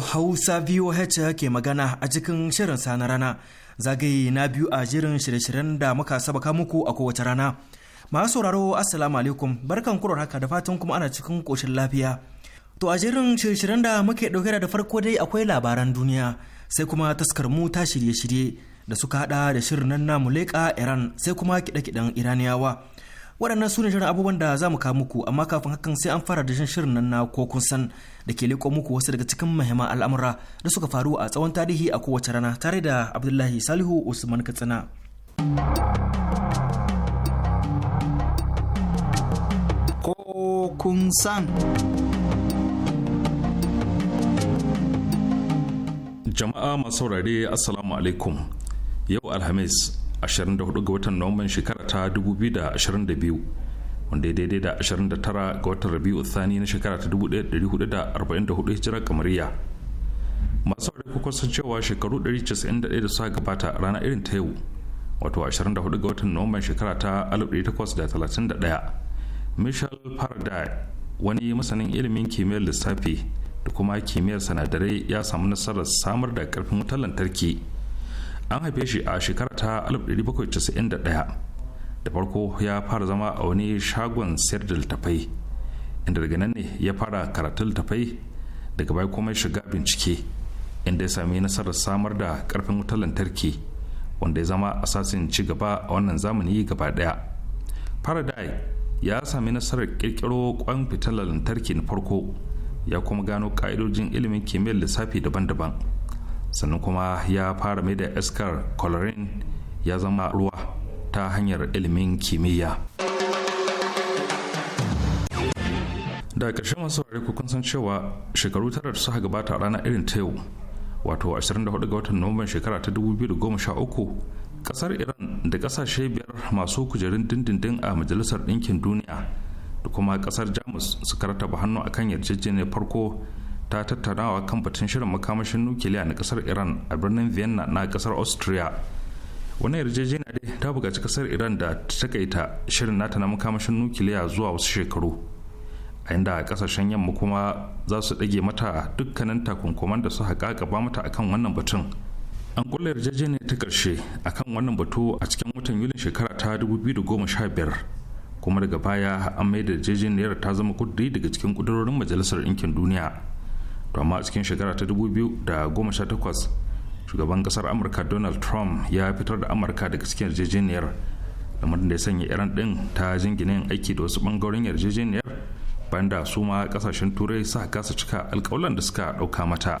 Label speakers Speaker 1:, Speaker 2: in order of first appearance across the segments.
Speaker 1: Hausa VOH ke magana a cikin shirin sa rana zagaye na biyu a jirin shirye-shiryen da muka sabaka muku a kowace rana. Masu sauraro Assalamu alaikum barkan kurar haka da fatan kuma ana cikin koshin lafiya. To a jirin shirye-shiryen da muke ɗauke da farko dai akwai labaran duniya sai kuma taskar mu ta shirye-shirye da suka hada da shirin nan namu leƙa Iran sai kuma kiɗe-kiɗen Iraniyawa. waɗannan su ne shirin abubuwan da za mu kawo muku amma kafin hakan sai an fara da shan shirin nan na ko kun san da ke leƙo muku wasu daga cikin muhimman al'amura da suka faru a tsawon tarihi a kowace rana tare da abdullahi salihu usman katsina
Speaker 2: ko kun san
Speaker 3: jama'a masu saurare assalamu alaikum yau alhamis 24 ga watan nuwamban shekara ta 2022 wanda ya daidai da 29 ga watan rabiu sani na shekara ta 1444 hijira kamariya masu wari kuka san cewa shekaru 191 da suka gabata rana irin ta yau wato 24 ga watan nuwamban shekara ta 1831 michel faraday wani masanin ilimin kimiyyar lissafi da kuma kimiyyar sanadarai ya samu nasarar samar da karfin wutar lantarki an haife shi a shekarar ta 1791 da farko ya fara zama a wani shagon sayar da littafai inda daga nan ne ya fara karatun littafai daga bai kuma shiga bincike inda ya sami nasarar samar da karfin wutar lantarki wanda ya zama asasin ci gaba a wannan zamani gaba daya faraday ya sami nasarar kirkiro kwan fitar lantarki na farko ya kuma gano ka'idojin ilimin kimiyyar lissafi daban-daban sannan kuma ya fara mai da iskar chlorine ya zama ruwa ta hanyar ilimin kimiyya da ƙarshen masu saurari kun san cewa shekaru tara da suka gabata rana irin ta yau wato 24 ga watan nuwamban shekara ta 2013 ƙasar iran da ƙasashe biyar masu kujerun dindindin a majalisar ɗinkin duniya da kuma ƙasar jamus suka rataba hannu akan yarjejeniyar farko ta tattaunawa kan batun shirin makamashin nukiliya na kasar iran a birnin vienna na kasar austria wani yarjejeniya dai ta bukaci kasar iran da ta takaita shirin nata na makamashin nukiliya zuwa wasu shekaru a inda kasashen yamma kuma za su ɗage mata dukkanin takunkuman da su haƙa gaba mata akan wannan batun an kulle yarjejeniya ta ƙarshe akan wannan batu a cikin watan yulin shekara ta 2015 kuma daga baya an mai da yarjejeniyar ta zama kuduri daga cikin kudurorin majalisar ɗinkin duniya to amma a cikin shekara ta 2018 shugaban kasar amurka donald trump ya fitar da amurka daga cikin yarjejeniyar lamarin da ya sanya iran din ta jingina yin aiki da wasu bangaren yarjejeniyar bayan da su ma kasashen turai sa kasa cika alkawalan da suka dauka mata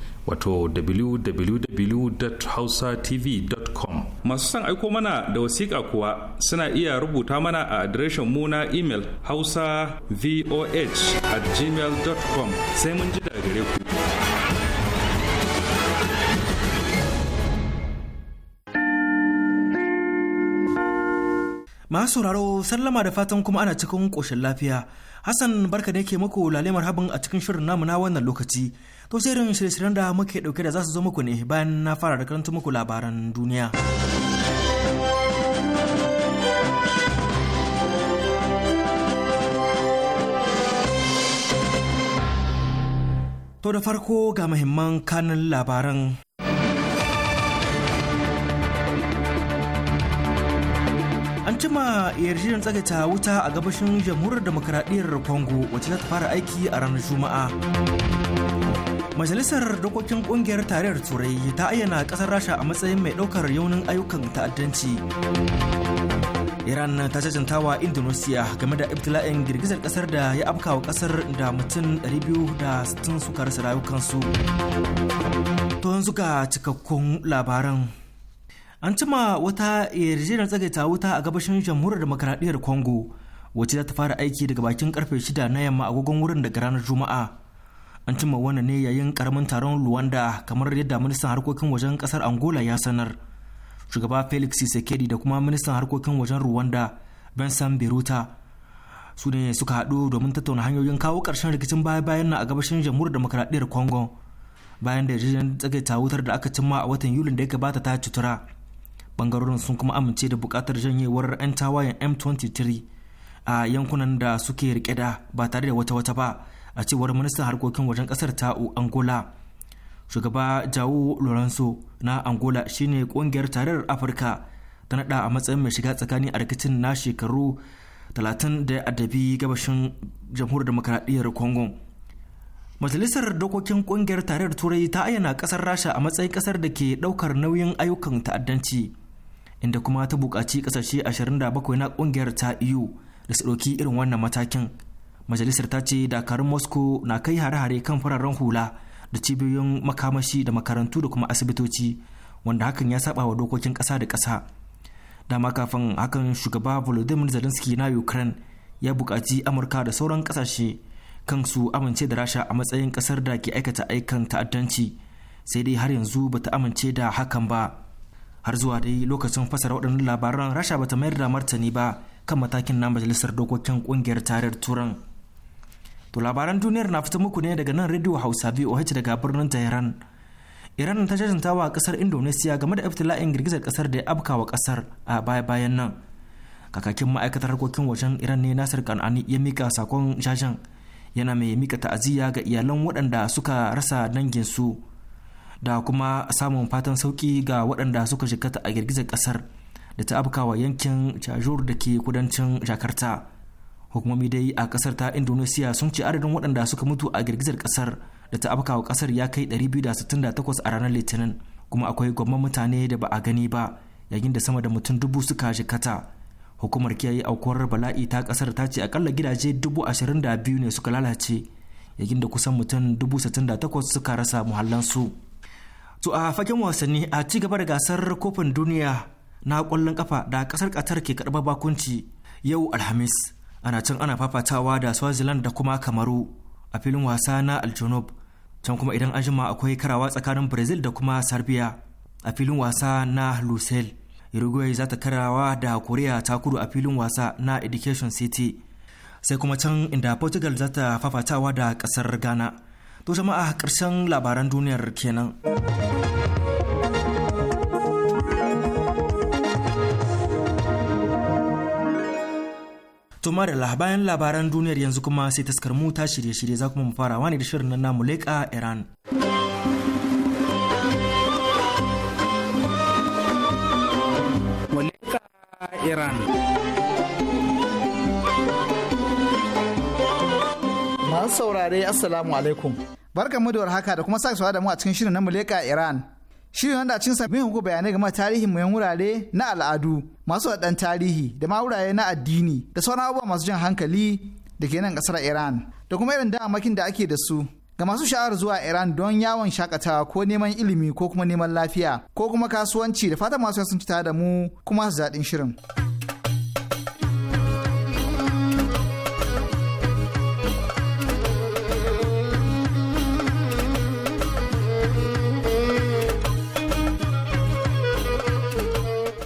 Speaker 3: wato www.hausatv.com masu son aiko mana da wasiƙa kuwa suna iya rubuta mana a adireshin mu na imel hausa voh at gmail.com sai mun ji da gare ku
Speaker 1: masu sauraro sallama da fatan kuma ana cikin ƙoshin lafiya hassan barka ne ke muku lalemar habin a cikin shirin namu na wannan lokaci To shirin shirye-shiryen da muke dauke da za su zo muku ne bayan na fara da karanta muku labaran duniya. To da farko ga muhimman kanin labaran. An cima yarjejen tsagaita wuta a gabashin jamhuriyar demokradiyyar Congo wacce ta fara aiki a ranar Juma'a. majalisar dokokin ƙungiyar tarayyar turai ta ayyana kasar rasha a matsayin mai ɗaukar yaunin ayyukan ta'addanci iran ta jajanta wa indonesia game da ibtila'in girgizar kasar da ya wa kasar da mutum 260 suka rasa rayukansu to yanzu ga cikakkun labaran an cima wata yarjejeniyar tsagaita wuta a gabashin jamhuriyar demokradiyyar congo wacce za ta fara aiki daga bakin karfe 6 na yamma agogon wurin daga ranar juma'a an cimma wannan ne yayin karamin taron ruwanda kamar yadda ministan harkokin wajen kasar angola ya sanar shugaba felix sekedi da kuma ministan harkokin wajen ruwanda vincent Biruta su ne suka haɗu domin tattauna hanyoyin kawo ƙarshen rikicin baya-bayan na a gabashin jamhuriyar demokradiyyar congo bayan da yarjejeniyar tsagaita wutar da aka cimma a watan yulin da ya gabata ta cutura bangarorin sun kuma amince da buƙatar janyewar 'yan tawayen m23 a yankunan da suke rike da ba tare da wata-wata ba a cewar ministan harkokin wajen kasar ta angola shugaba jawo lorenzo na angola shine kungiyar tarayyar afirka ta nada a matsayin mai shiga tsakani a rikicin na shekaru 30 da gabashin jamhuriyar demokradiyyar congo majalisar dokokin kungiyar tarayyar turai ta ayyana kasar rasha a matsayin kasar da ke daukar nauyin ayyukan ta'addanci inda kuma ta buƙaci ƙasashe 27 na kungiyar ta iyu e da su ɗauki irin wannan matakin majalisar ta ce dakarun moscow na kai hare-hare kan fararen hula da cibiyoyin makamashi da makarantu da kuma asibitoci wanda hakan ya saba wa dokokin ƙasa da ƙasa dama kafin hakan shugaba volodymyr zelensky na ukraine ya buƙaci amurka da sauran kasashe kan su amince da rasha a matsayin ƙasar da ke aikata aikan ta'addanci sai dai har yanzu bata amince da hakan ba har zuwa dai lokacin fasara waɗannan labaran rasha bata mayar da martani ba kan matakin na majalisar dokokin ƙungiyar tarayyar turan To labaran duniyar na fita muku ne daga nan Radio Hausa VOH daga birnin Tehran. Iran ta jajanta wa kasar Indonesia game da iftila'in girgizar kasar da ya afka wa kasar a baya-bayan nan. Kakakin ma'aikatar harkokin wajen Iran ne Nasir Kan'ani ya mika sakon jajan yana mai mika ta'aziyya ga iyalan waɗanda suka rasa danginsu da kuma samun fatan sauki ga waɗanda suka jikata a girgizar kasar da ta afka wa yankin Chajur da ke kudancin Jakarta. hukumomi dai a kasar ta indonesiya sun ce adadin waɗanda suka mutu a girgizar kasar da ta afka wa kasar ya kai 268 a ranar litinin kuma akwai gwamman mutane da ba a gani ba yayin da sama da mutum dubu suka jikata hukumar kiyaye aukuwar bala'i ta kasar ta ce akalla gidaje dubu ashirin da biyu ne suka lalace yayin da kusan mutum dubu sittin da takwas suka rasa muhallansu to a fagen wasanni a ci gaba da gasar kofin duniya na kwallon kafa da kasar katar ke karɓar bakunci yau alhamis ana can ana fafatawa da swaziland da kuma kamaru a filin wasa na aljanob can kuma idan an jima akwai karawa tsakanin brazil da kuma serbia a filin wasa na lucel uruguay za ta karawa da korea ta kudu a filin wasa na education city sai kuma can inda portugal za ta fafatawa da kasar ghana to jama'a karshen labaran duniyar kenan. To la bayan labaran duniyar yanzu kuma sai taskar mu ta shirye-shirye za kuma mu fara, wani da shirin na namu leƙa Iran. Iran.
Speaker 2: Masu saurare Assalamu alaikum. mu da haka da kuma sake da mu a cikin shirin na Muleka Iran. Shirin wanda cin sabbin muku bayanai game tarihin muyan wurare na al'adu masu waɗan tarihi da ma wurare na addini da sauran abubuwa masu jan hankali da ke nan ƙasar Iran da kuma irin damakin da ake da su ga masu sha'awar zuwa Iran don yawon shakatawa ko neman ilimi ko kuma neman lafiya ko kuma kasuwanci da fatan masu sun ci tare da mu kuma su daɗin shirin.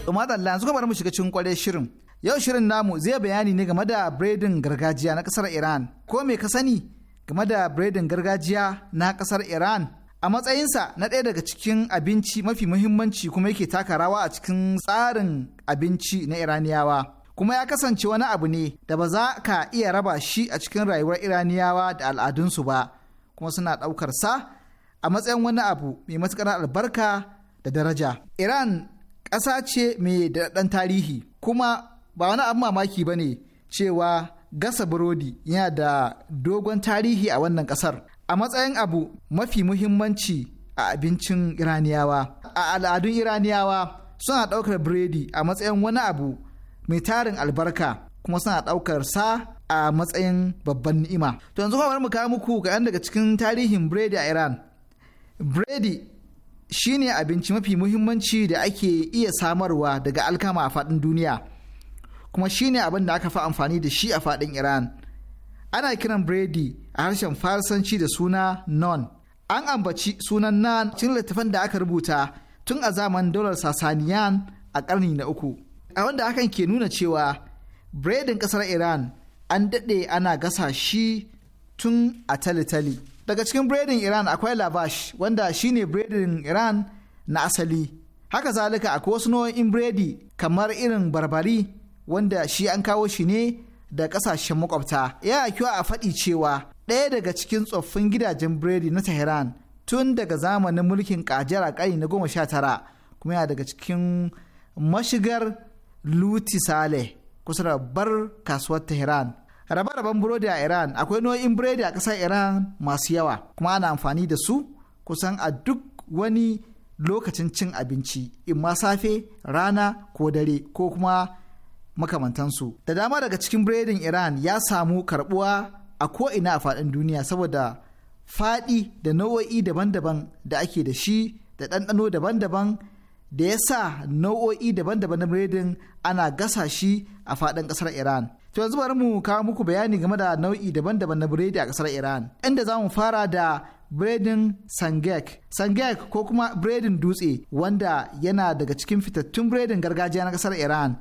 Speaker 2: Umadalla Lan kuma bari mu shiga cikin kwarai shirin. Yau shirin namu zai bayani ne game da biredin gargajiya na kasar Iran. Ko me ka sani game da biredin gargajiya na kasar Iran? A matsayinsa na ɗaya daga cikin abinci mafi muhimmanci kuma yake taka rawa a cikin tsarin abinci na Iraniyawa. Kuma ya kasance wani abu ne da ba za ka iya raba shi a cikin rayuwar Iraniyawa da al'adunsu ba, kuma suna ɗaukar sa a matsayin wani abu mai matuƙar albarka da daraja. Iran ƙasa ce mai daɗaɗɗen tarihi kuma ba wani abin mamaki ba ne cewa gasa burodi yana da dogon tarihi a wannan ƙasar a matsayin abu mafi muhimmanci a abincin iraniyawa a al'adun iraniyawa suna ɗaukar biredi a matsayin wani abu mai tarin albarka kuma suna ɗaukar sa a matsayin babban ni'ima to yanzu kamar mu kawo muku kaɗan daga cikin tarihin biredi a iran biredi shine abinci mafi muhimmanci da ake iya samarwa daga alkama a faɗin duniya kuma shine abin da aka fi amfani da shi a faɗin iran ana kiran biredi a harshen farsanci da suna non an ambaci sunan nan cikin littafan da aka rubuta tun a zaman daular sasaniyan a ƙarni na uku a wanda hakan ke nuna cewa biredin ƙasar iran an daɗe ana gasa shi tun a tali-tali. daga cikin biredin iran akwai lavash wanda shine biredin iran na asali haka zalika akwai wasu nau'in biredi kamar irin barbari wanda shi an kawo shi ne da kasashen makwabta ya kyau a faɗi cewa ɗaya daga cikin tsoffin gidajen biredi na tehran tun daga zamanin mulkin kajar a ƙari na goma sha tara kuma yana daga cikin mashigar luti saleh kusa da bar kasuwar tehran Raba-raban burodi a Iran akwai nau'in burodi a ƙasar Iran masu yawa kuma ana amfani da su kusan a duk wani lokacin cin abinci in ma safe rana ko dare ko kuma makamantansu. Da dama daga cikin biredin Iran ya samu karbuwa a ko'ina a faɗin duniya saboda faɗi da nau'o'i daban-daban da ake da shi da ɗanɗano daban-daban da ya sa nau'o'i daban-daban na biredin ana gasa shi a faɗin ƙasar Iran. To yanzu bari mu kawo muku bayani game da nau'i daban-daban na biredi a kasar Iran. Inda za mu fara da biredin sangek. Sangek ko kuma biredin dutse wanda yana daga cikin fitattun biredin gargajiya na kasar Iran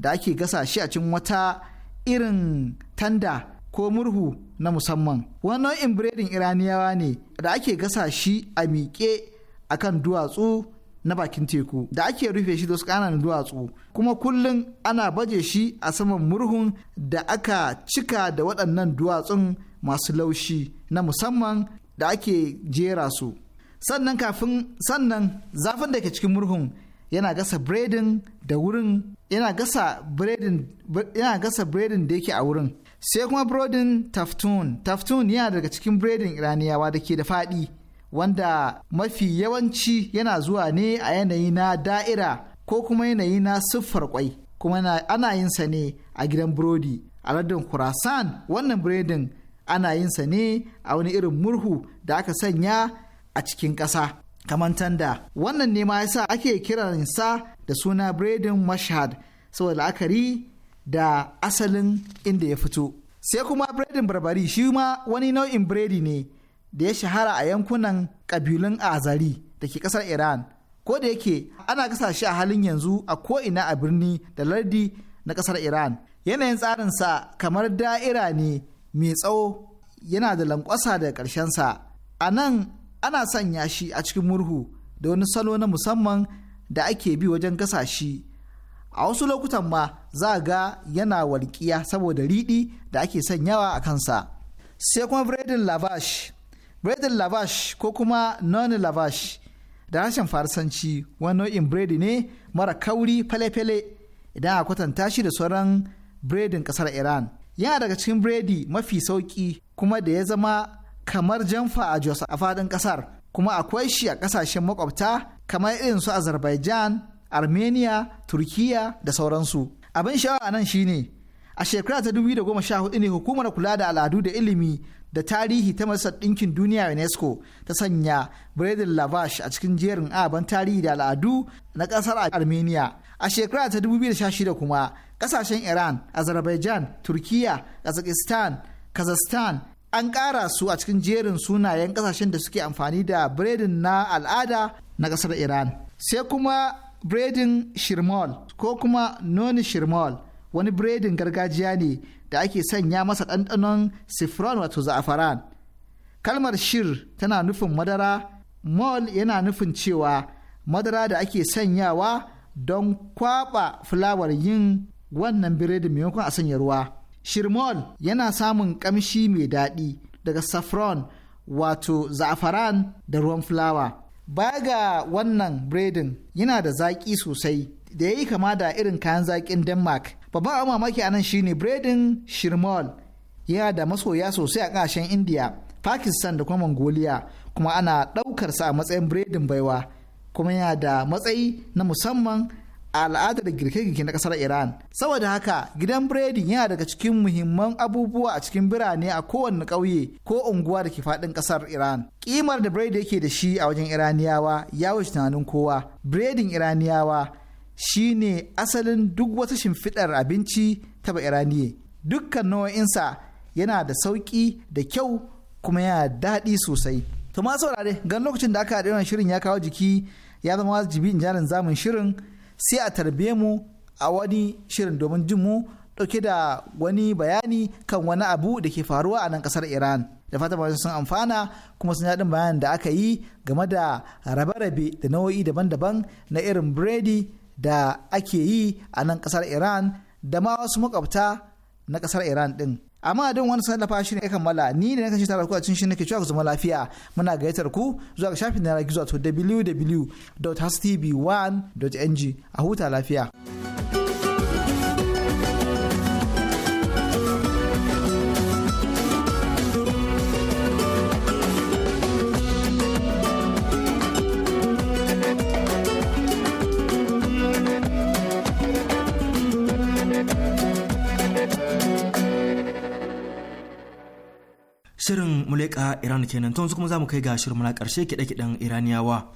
Speaker 2: da ake gasa shi a cikin wata irin tanda ko murhu na musamman. Wani nau'in biredin Iraniyawa ne da ake gasa shi a miƙe akan duwatsu na bakin teku da ake rufe shi da wasu ƙananan duwatsu kuma kullum ana baje shi a saman murhun da aka cika da waɗannan duwatsun masu laushi na musamman da ake jera su sannan kafin sannan zafin da ke cikin murhun yana gasa biredin da wurin yana gasa biredin yana gasa biredin da yake a wurin sai kuma biredin taftun taftun yana daga cikin biredin iraniyawa da ke da faɗi wanda mafi yawanci yana zuwa ne a yanayi na da'ira ko kuma yanayi na siffar kwai kuma ana yin sa ne a gidan burodi a lardin kurasan wannan biredin ana yin sa ne a wani irin murhu da aka sanya a cikin ƙasa kamantan da wannan ne ma yasa ake kiran sa da suna biredin mashhad saboda la'akari da asalin inda ya fito sai kuma biredin barbari shi ma wani nau'in biredi ne da ya shahara a yankunan ƙabilun azari da ke ƙasar iran ko da yake ana kasashe a halin yanzu a ko'ina a birni da lardi na ƙasar iran yanayin tsarinsa kamar da'ira ne mai tsawo yana da lankwasa da ƙarshensa a nan ana sanya shi a cikin murhu da wani salo na musamman da ake bi wajen kasashe a wasu lokutan ma za ga yana walƙiya saboda riɗi da ake sanyawa a kansa sai kuma biredin lavash Bredin lavash ko kuma non lavash da harshen farsanci wani nau'in biredi ne mara kauri fale-fale idan a kwatanta shi da sauran biredin kasar Iran. Yana daga cikin biredi mafi sauki kuma da ya zama kamar jamfa a Jos a faɗin ƙasar kuma akwai shi a ƙasashen makwabta kamar irin su Azerbaijan, Armenia, Turkiya da sauransu. Abin sha'awa nan shine a shekara ta 2014 ne hukumar kula da al'adu da ilimi da tarihi ta Masar Ɗinkin Duniya UNESCO ta sanya Biredin Lavash a cikin jerin aban tarihi da al'adu na ƙasar Armenia. A shekara ta 2016 kuma ƙasashen Iran, Azerbaijan, Turkiya, Kazakhstan, Kazakhstan an ƙara su a cikin jerin sunayen ƙasashen da suke amfani da biredin na al'ada na ƙasar Iran. Sai kuma biredin shirmol ko kuma noni shirmol wani biredin gargajiya ne da ake sanya masa ɗanɗanon sifron wato za'afaran kalmar shir tana nufin madara mol yana nufin cewa madara da ake sanyawa don kwaɓa fulawar yin wannan biredin maimakon a sanya ruwa shir mol yana samun ƙamshi mai daɗi daga saffron wato za'afaran da ruwan fulawa Baga wannan biredin yana da zaƙi sosai da ya yi kama da irin kayan zaƙin denmark babban abin mamaki a nan shine bredin shirmol yana da masoya sosai a ƙasashen india pakistan da kuma mongolia kuma ana ɗaukarsa a matsayin bredin baiwa kuma yana da matsayi na musamman a al'adar girke-girke na kasar Iran. Saboda haka gidan bredin yana daga cikin muhimman abubuwa a cikin birane a kowane ƙauye ko unguwa da ke faɗin kasar Iran. Kimar da bredin yake da shi a wajen Iraniyawa ya wuce tunanin kowa. bredin Iraniyawa shine asalin duk wata shimfiɗar abinci ta bairaniye dukkan nau'insa yana da sauƙi da kyau kuma yana daɗi sosai to ma saurare gan lokacin da aka haɗe shirin ya kawo jiki ya zama wajibi in jarin zamun shirin sai a tarbe mu a wani shirin domin jin mu ɗauke da wani bayani kan wani abu da ke faruwa a nan ƙasar iran da fata masu sun amfana kuma sun yaɗin bayanin da aka yi game da rabe-rabe da nau'o'i daban-daban na irin biredi da ake yi a nan kasar iran da ma wasu makwabta na kasar iran din amma din wani sallafa shi ne ya kammala ni da shi tare ku a cikin shi nake cewa ku zama lafiya muna gayyatar ku zuwa ga shafin na gizo to www.hastv1.ng a huta lafiya.
Speaker 1: leƙa iran kenan tun su kuma za mu kai ga shirin na ƙarshe kiɗe-kiɗen iraniyawa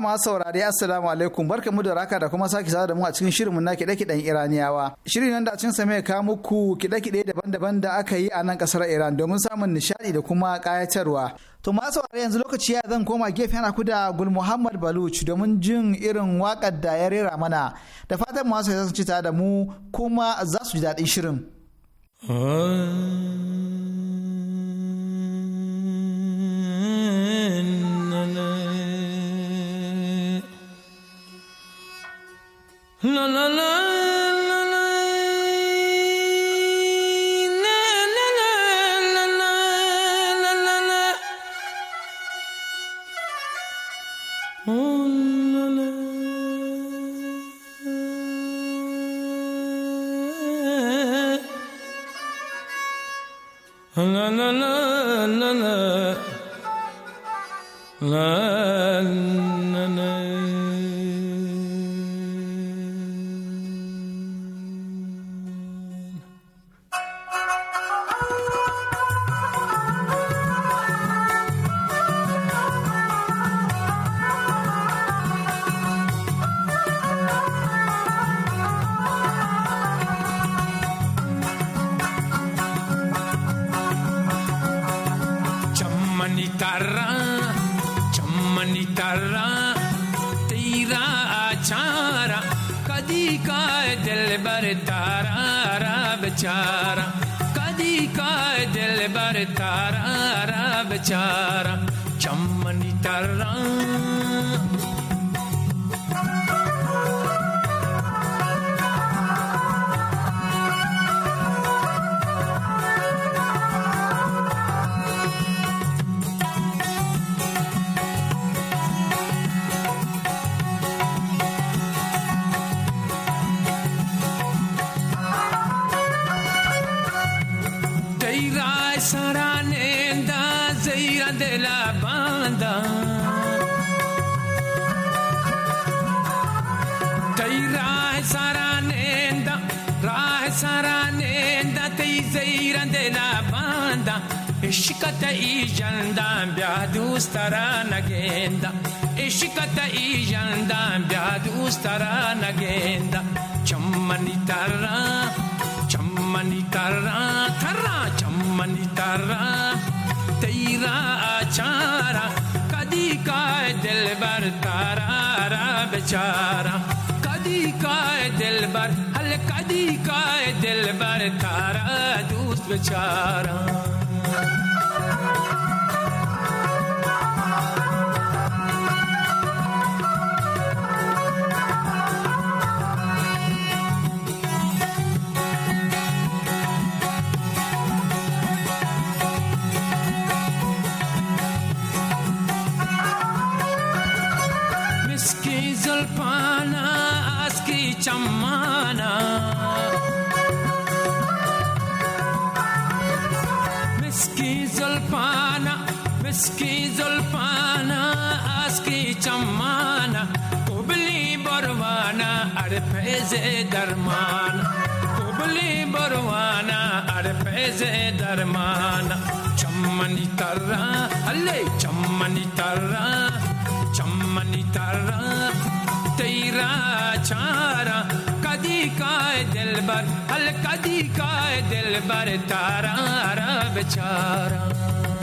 Speaker 2: ma saurari assalamu alaikum barka mu da raka da kuma sake sada da mu a cikin shirinmu na kiɗe-kiɗen iraniyawa shirin nan da cin sa mai ka muku kiɗe-kiɗe daban-daban da aka yi a nan ƙasar iran domin samun nishaɗi da kuma kayatarwa. to ma saurari yanzu lokaci ya zan koma gefe ana ku da gul muhammad baluch domin jin irin wakar da ya rera mana da fatan masu ya ci tare da mu kuma za su ji daɗin shirin.
Speaker 4: Ah. La la la.
Speaker 5: ishikata ijandan biadu staranagenda ishikata ijandan biadu staranagenda chammani tarra chammani tarra tara chammani tarra teira achara kadi ka dilbar tarara bechara kadi ka dilbar hal kadi ka dilbar tara dost bechara बेचारा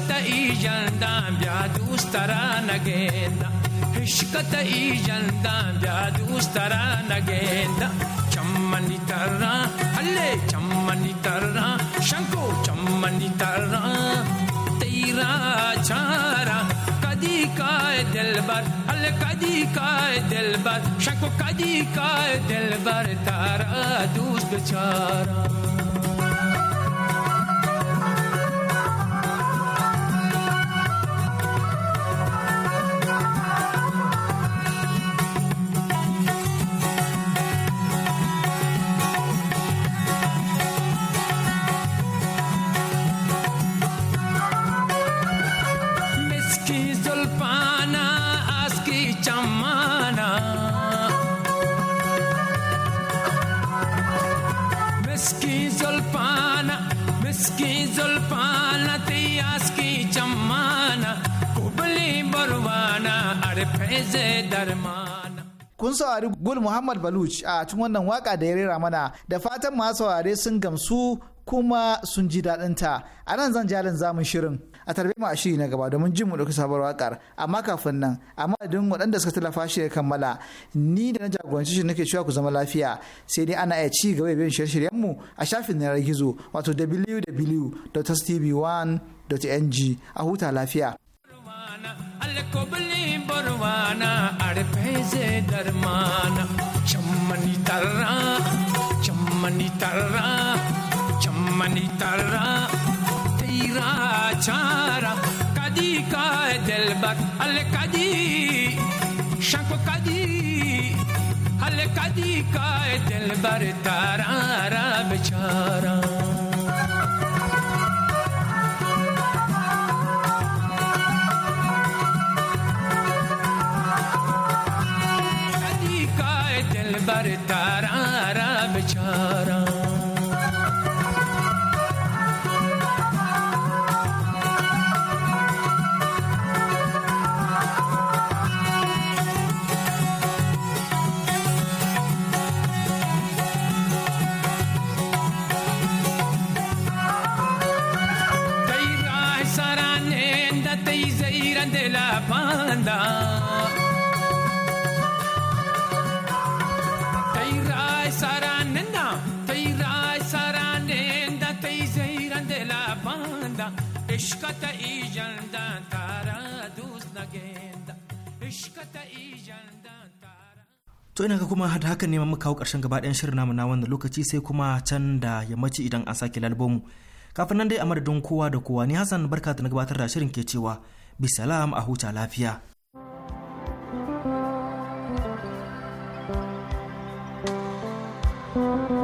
Speaker 5: Hishkata ijandan biadu starana genda Hishkata ijandan biadu starana genda Chammani tarra alle chammani tarra Shanko chammani tarra Teira chara kadi kae dilbar alle kadi kae dilbar Shanko kadi kae dilbar tara dust chara
Speaker 2: Kun saurari Gul Muhammad Baluch a cikin wannan waka da ya rera mana da fatan masu saurare sun gamsu kuma sun ji daɗin ta. A nan zan jalin zamun shirin. A tarbe mu a shiri na gaba domin jin mu ɗauki sabuwar wakar. Amma kafin nan, Amma idan waɗanda suka tallafa shi ya kammala, ni da na jagoranci shi nake cewa ku zama lafiya. Sai dai ana iya ci gaba da bin shirye-shiryen mu a shafin na gizo wato www.tv1.ng a huta lafiya.
Speaker 5: الكبلي بروانا عرفيز درمانا شمني ترى شمني ترى شمني ترى تيرا چارا کدی کا دل بر ال کدی شک کدی ال کدی کا دل بر تارا را بچارا
Speaker 4: Tara
Speaker 1: to ina ga kuma hada hakan ne muka kawo karshen gaba ɗayan shirin namu na wannan lokaci sai kuma can da yammaci idan an sake lalbomu kafin nan dai a madadin kowa da kowa ni hassan barka da na gabatar da shirin ke cewa bisalam a huta lafiya
Speaker 4: thank you